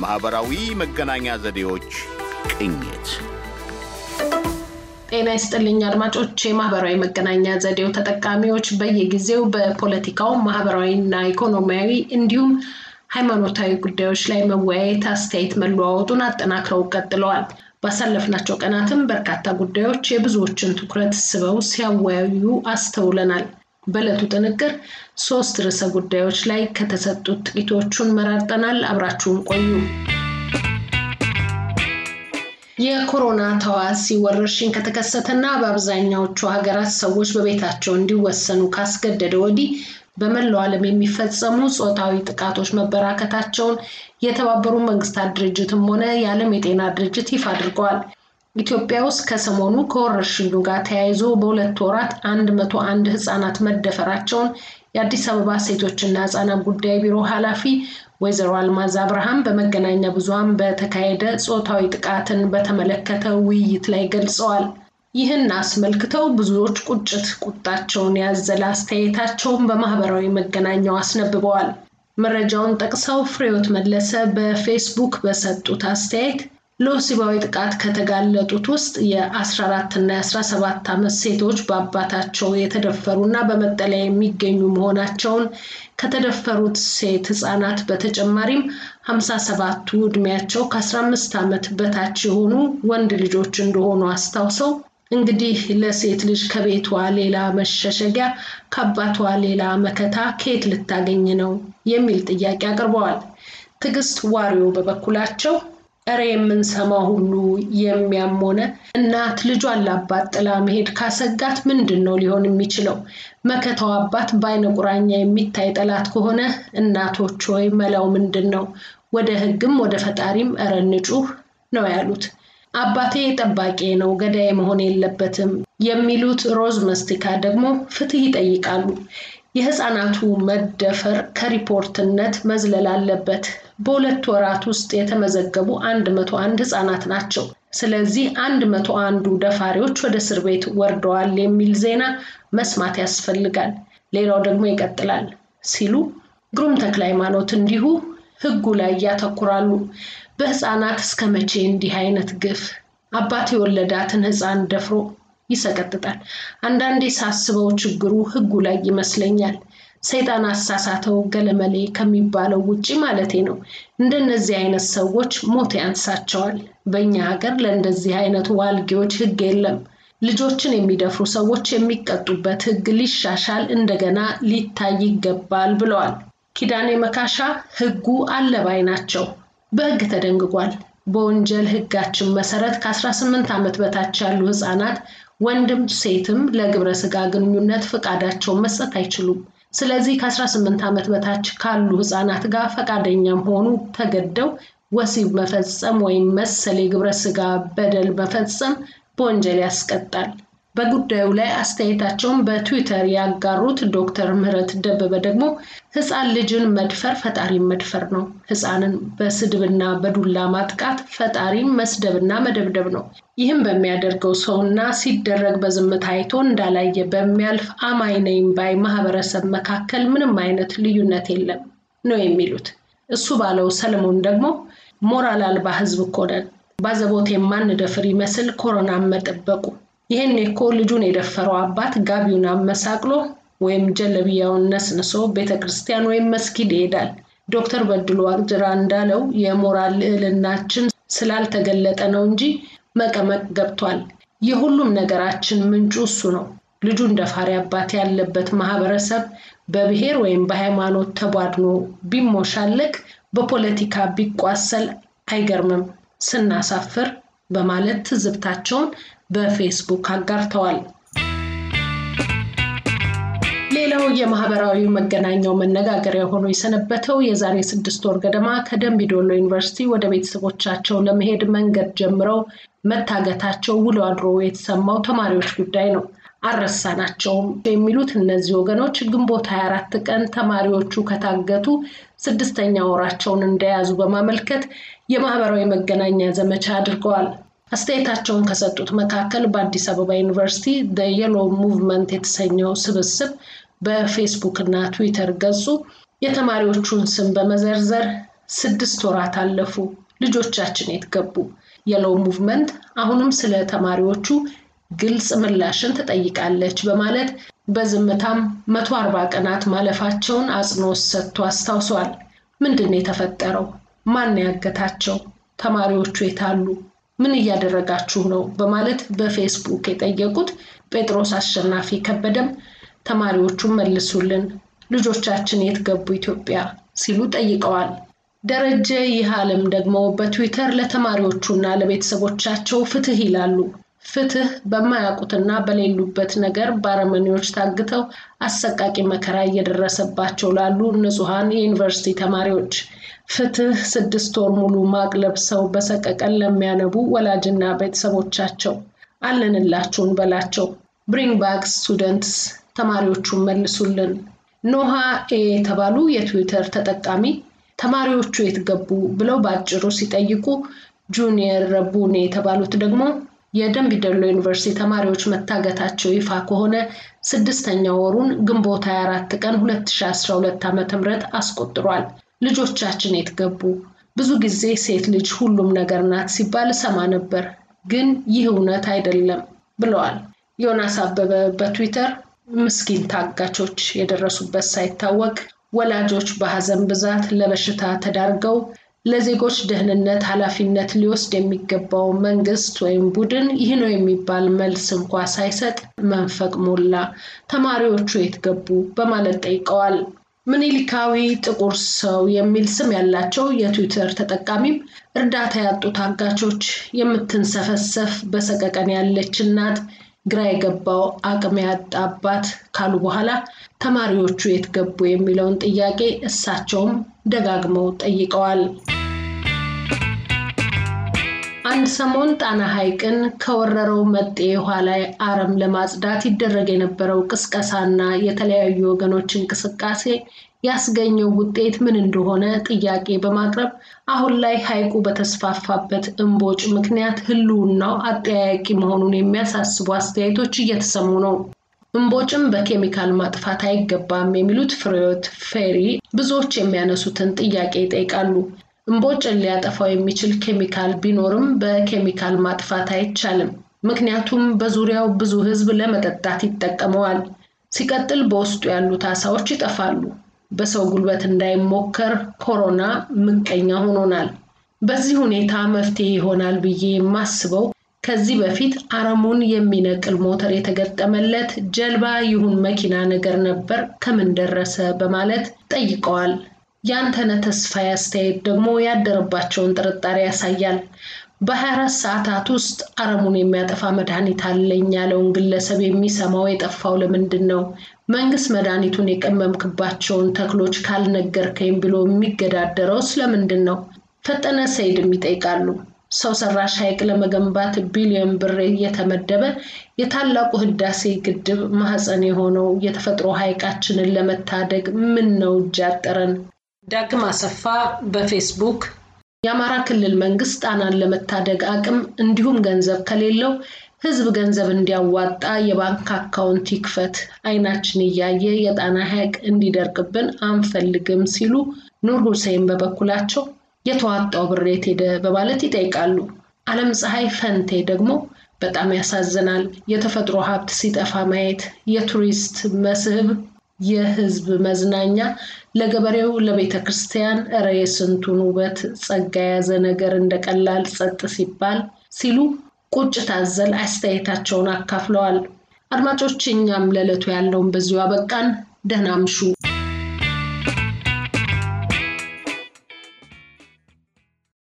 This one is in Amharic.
የማኅበራዊ መገናኛ ዘዴዎች ቅኝት። ጤና ይስጥልኝ አድማጮች። የማህበራዊ መገናኛ ዘዴው ተጠቃሚዎች በየጊዜው በፖለቲካው ማህበራዊና ኢኮኖሚያዊ እንዲሁም ሃይማኖታዊ ጉዳዮች ላይ መወያየት፣ አስተያየት መለዋወጡን አጠናክረው ቀጥለዋል። ባሳለፍናቸው ቀናትም በርካታ ጉዳዮች የብዙዎችን ትኩረት ስበው ሲያወያዩ አስተውለናል። በእለቱ ጥንቅር ሶስት ርዕሰ ጉዳዮች ላይ ከተሰጡት ጥቂቶቹን መራርጠናል። አብራችሁን ቆዩ። የኮሮና ተዋሲ ወረርሽኝ ከተከሰተና በአብዛኛዎቹ ሀገራት ሰዎች በቤታቸው እንዲወሰኑ ካስገደደ ወዲህ በመላው ዓለም የሚፈጸሙ ጾታዊ ጥቃቶች መበራከታቸውን የተባበሩት መንግስታት ድርጅትም ሆነ የዓለም የጤና ድርጅት ይፋ አድርገዋል። ኢትዮጵያ ውስጥ ከሰሞኑ ከወረርሽኙ ጋር ተያይዞ በሁለት ወራት አንድ መቶ አንድ ህጻናት መደፈራቸውን የአዲስ አበባ ሴቶችና ህጻናት ጉዳይ ቢሮ ኃላፊ ወይዘሮ አልማዝ አብርሃም በመገናኛ ብዙሃን በተካሄደ ጾታዊ ጥቃትን በተመለከተ ውይይት ላይ ገልጸዋል። ይህን አስመልክተው ብዙዎች ቁጭት ቁጣቸውን ያዘለ አስተያየታቸውን በማህበራዊ መገናኛው አስነብበዋል። መረጃውን ጠቅሰው ፍሬዎት መለሰ በፌስቡክ በሰጡት አስተያየት ለወሲባዊ ጥቃት ከተጋለጡት ውስጥ የ14 እና የ17 ዓመት ሴቶች በአባታቸው የተደፈሩ እና በመጠለያ የሚገኙ መሆናቸውን ከተደፈሩት ሴት ህጻናት በተጨማሪም 57ቱ ዕድሜያቸው ከ15 ዓመት በታች የሆኑ ወንድ ልጆች እንደሆኑ አስታውሰው እንግዲህ ለሴት ልጅ ከቤቷ ሌላ መሸሸጊያ ከአባቷ ሌላ መከታ ከየት ልታገኝ ነው የሚል ጥያቄ አቅርበዋል። ትዕግስት ዋሪው በበኩላቸው እረ የምንሰማ ሁሉ የሚያሞነ እናት ልጇን ለአባት ጥላ መሄድ ካሰጋት ምንድን ነው ሊሆን የሚችለው? መከታው አባት በአይነ ቁራኛ የሚታይ ጠላት ከሆነ እናቶች ወይ መላው ምንድን ነው? ወደ ህግም ወደ ፈጣሪም እረ ንጩህ ነው ያሉት። አባቴ ጠባቂ ነው፣ ገዳይ መሆን የለበትም የሚሉት ሮዝ መስቲካ ደግሞ ፍትህ ይጠይቃሉ። የህፃናቱ መደፈር ከሪፖርትነት መዝለል አለበት። በሁለት ወራት ውስጥ የተመዘገቡ 101 ህፃናት ናቸው። ስለዚህ 101 አንዱ ደፋሪዎች ወደ እስር ቤት ወርደዋል የሚል ዜና መስማት ያስፈልጋል። ሌላው ደግሞ ይቀጥላል ሲሉ ግሩም ተክለ ሃይማኖት እንዲሁ ህጉ ላይ ያተኩራሉ። በህፃናት እስከ መቼ እንዲህ አይነት ግፍ አባት የወለዳትን ህፃን ደፍሮ ይሰቀጥጣል። አንዳንዴ ሳስበው ችግሩ ህጉ ላይ ይመስለኛል። ሰይጣን አሳሳተው ገለመሌ ከሚባለው ውጪ ማለቴ ነው። እንደነዚህ አይነት ሰዎች ሞት ያንሳቸዋል። በእኛ ሀገር ለእንደዚህ አይነት ዋልጌዎች ህግ የለም። ልጆችን የሚደፍሩ ሰዎች የሚቀጡበት ህግ ሊሻሻል እንደገና ሊታይ ይገባል ብለዋል። ኪዳኔ መካሻ ህጉ አለባይ ናቸው። በህግ ተደንግጓል። በወንጀል ህጋችን መሰረት ከ18 ዓመት በታች ያሉ ህጻናት ወንድም ሴትም ለግብረ ስጋ ግንኙነት ፈቃዳቸውን መስጠት አይችሉም። ስለዚህ ከ18 ዓመት በታች ካሉ ህፃናት ጋር ፈቃደኛም ሆኑ ተገደው ወሲብ መፈጸም ወይም መሰል የግብረ ስጋ በደል መፈጸም በወንጀል ያስቀጣል። በጉዳዩ ላይ አስተያየታቸውን በትዊተር ያጋሩት ዶክተር ምህረት ደበበ ደግሞ ህፃን ልጅን መድፈር ፈጣሪ መድፈር ነው። ህፃንን በስድብና በዱላ ማጥቃት ፈጣሪ መስደብና መደብደብ ነው። ይህም በሚያደርገው ሰውና ሲደረግ በዝምታ አይቶ እንዳላየ በሚያልፍ አማይ ነኝ ባይ ማህበረሰብ መካከል ምንም አይነት ልዩነት የለም ነው የሚሉት። እሱ ባለው ሰለሞን ደግሞ ሞራል አልባ ህዝብ እኮ ነን ባዘቦት የማንደፍር ይመስል ኮሮናን መጠበቁ ይህን እኮ ልጁን የደፈረው አባት ጋቢውን አመሳቅሎ ወይም ጀለብያውን ነስንሶ ቤተ ክርስቲያን ወይም መስጊድ ይሄዳል። ዶክተር በድሉ አቅጅራ እንዳለው የሞራል ልዕልናችን ስላልተገለጠ ነው እንጂ መቀመቅ ገብቷል። የሁሉም ነገራችን ምንጩ እሱ ነው። ልጁን ደፋሪ አባት ያለበት ማህበረሰብ በብሔር ወይም በሃይማኖት ተቧድኖ ቢሞሻለቅ፣ በፖለቲካ ቢቋሰል አይገርምም። ስናሳፍር በማለት ትዝብታቸውን በፌስቡክ አጋርተዋል። ሌላው የማህበራዊ መገናኛው መነጋገሪያ ሆኖ የሰነበተው የዛሬ ስድስት ወር ገደማ ከደምቢዶሎ ዩኒቨርሲቲ ወደ ቤተሰቦቻቸው ለመሄድ መንገድ ጀምረው መታገታቸው ውሎ አድሮ የተሰማው ተማሪዎች ጉዳይ ነው። አልረሳናቸውም የሚሉት እነዚህ ወገኖች ግንቦት 24 ቀን ተማሪዎቹ ከታገቱ ስድስተኛ ወራቸውን እንደያዙ በማመልከት የማህበራዊ መገናኛ ዘመቻ አድርገዋል። አስተያየታቸውን ከሰጡት መካከል በአዲስ አበባ ዩኒቨርሲቲ የሎ ሙቭመንት የተሰኘው ስብስብ በፌስቡክ እና ትዊተር ገጹ የተማሪዎቹን ስም በመዘርዘር ስድስት ወራት አለፉ፣ ልጆቻችን የት ገቡ? ሙቭመንት አሁንም ስለ ተማሪዎቹ ግልጽ ምላሽን ትጠይቃለች በማለት በዝምታም አርባ ቀናት ማለፋቸውን አጽንኦት ሰጥቶ አስታውሷል። ምንድን ነው የተፈጠረው? ማን ያገታቸው? ተማሪዎቹ የታሉ? ምን እያደረጋችሁ ነው? በማለት በፌስቡክ የጠየቁት ጴጥሮስ አሸናፊ ከበደም ተማሪዎቹን መልሱልን፣ ልጆቻችን የት ገቡ ኢትዮጵያ ሲሉ ጠይቀዋል። ደረጀ ይህ ዓለም ደግሞ በትዊተር ለተማሪዎቹና ለቤተሰቦቻቸው ፍትህ ይላሉ። ፍትህ በማያውቁትና በሌሉበት ነገር ባረመኔዎች ታግተው አሰቃቂ መከራ እየደረሰባቸው ላሉ ንጹሐን የዩኒቨርሲቲ ተማሪዎች ፍትህ ስድስት ወር ሙሉ ማቅ ለብሰው በሰቀቀን ለሚያነቡ ወላጅና ቤተሰቦቻቸው አለንላቸውን በላቸው ብሪንግ ባክ ስቱደንትስ ተማሪዎቹን መልሱልን። ኖሃ ኤ የተባሉ የትዊተር ተጠቃሚ ተማሪዎቹ የት ገቡ ብለው በአጭሩ ሲጠይቁ ጁኒየር ረቡኔ የተባሉት ደግሞ የደንቢ ዩኒቨርሲቲ ተማሪዎች መታገታቸው ይፋ ከሆነ ስድስተኛ ወሩን ግንቦት 24 ቀን 2012 ዓ ም አስቆጥሯል። ልጆቻችን የት ገቡ? ብዙ ጊዜ ሴት ልጅ ሁሉም ነገር ናት ሲባል እሰማ ነበር፣ ግን ይህ እውነት አይደለም ብለዋል ዮናስ አበበ በትዊተር ምስኪን ታጋቾች የደረሱበት ሳይታወቅ ወላጆች በሐዘን ብዛት ለበሽታ ተዳርገው ለዜጎች ደህንነት ኃላፊነት ሊወስድ የሚገባው መንግስት ወይም ቡድን ይህ ነው የሚባል መልስ እንኳ ሳይሰጥ መንፈቅ ሞላ። ተማሪዎቹ የት ገቡ በማለት ጠይቀዋል። ምኒልካዊ ጥቁር ሰው የሚል ስም ያላቸው የትዊተር ተጠቃሚም እርዳታ ያጡ ታጋቾች፣ የምትንሰፈሰፍ በሰቀቀን ያለች እናት፣ ግራ የገባው አቅም ያጣ አባት ካሉ በኋላ ተማሪዎቹ የት ገቡ የሚለውን ጥያቄ እሳቸውም ደጋግመው ጠይቀዋል። አንድ ሰሞን ጣና ሐይቅን ከወረረው መጤ ውሃ ላይ አረም ለማጽዳት ይደረግ የነበረው ቅስቀሳና የተለያዩ ወገኖች እንቅስቃሴ ያስገኘው ውጤት ምን እንደሆነ ጥያቄ በማቅረብ አሁን ላይ ሐይቁ በተስፋፋበት እምቦጭ ምክንያት ህልውናው አጠያያቂ መሆኑን የሚያሳስቡ አስተያየቶች እየተሰሙ ነው። እምቦጭም በኬሚካል ማጥፋት አይገባም የሚሉት ፍሬዎት ፌሪ ብዙዎች የሚያነሱትን ጥያቄ ይጠይቃሉ። እምቦጭን ሊያጠፋው የሚችል ኬሚካል ቢኖርም በኬሚካል ማጥፋት አይቻልም። ምክንያቱም በዙሪያው ብዙ ህዝብ ለመጠጣት ይጠቀመዋል። ሲቀጥል በውስጡ ያሉት አሳዎች ይጠፋሉ። በሰው ጉልበት እንዳይሞከር ኮሮና ምቀኛ ሆኖናል። በዚህ ሁኔታ መፍትሄ ይሆናል ብዬ የማስበው ከዚህ በፊት አረሙን የሚነቅል ሞተር የተገጠመለት ጀልባ ይሁን መኪና ነገር ነበር፣ ከምን ደረሰ በማለት ጠይቀዋል። ያንተነ ተስፋዬ አስተያየት ደግሞ ያደረባቸውን ጥርጣሬ ያሳያል። በ24 ሰዓታት ውስጥ አረሙን የሚያጠፋ መድኃኒት አለኝ ያለውን ግለሰብ የሚሰማው የጠፋው ለምንድን ነው? መንግስት መድኃኒቱን የቀመምክባቸውን ተክሎች ካልነገርከኝ ብሎ የሚገዳደረው ስለምንድን ነው? ፈጠነ ሰይድም ይጠይቃሉ። ሰው ሰራሽ ሐይቅ ለመገንባት ቢሊዮን ብር እየተመደበ የታላቁ ህዳሴ ግድብ ማህፀን የሆነው የተፈጥሮ ሐይቃችንን ለመታደግ ምን ነው እጃጠረን? ዳግም አሰፋ በፌስቡክ የአማራ ክልል መንግስት ጣናን ለመታደግ አቅም እንዲሁም ገንዘብ ከሌለው ህዝብ ገንዘብ እንዲያዋጣ የባንክ አካውንት ይክፈት፣ አይናችን እያየ የጣና ሐይቅ እንዲደርቅብን አንፈልግም ሲሉ ኑር ሁሴን በበኩላቸው የተዋጣው ብር የት ሄደ በማለት ይጠይቃሉ። አለም ፀሐይ ፈንቴ ደግሞ በጣም ያሳዝናል፣ የተፈጥሮ ሀብት ሲጠፋ ማየት የቱሪስት መስህብ የህዝብ መዝናኛ ለገበሬው ለቤተ ክርስቲያን እረ የስንቱን ውበት ጸጋ የያዘ ነገር እንደ ቀላል ጸጥ ሲባል ሲሉ ቁጭ ታዘል አስተያየታቸውን አካፍለዋል። አድማጮች፣ እኛም ለዕለቱ ያለውን በዚሁ አበቃን። ደህና ምሹ።